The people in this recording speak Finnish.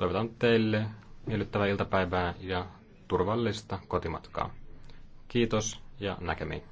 Toivotan teille miellyttävää iltapäivää ja turvallista kotimatkaa. Kiitos ja näkemiin.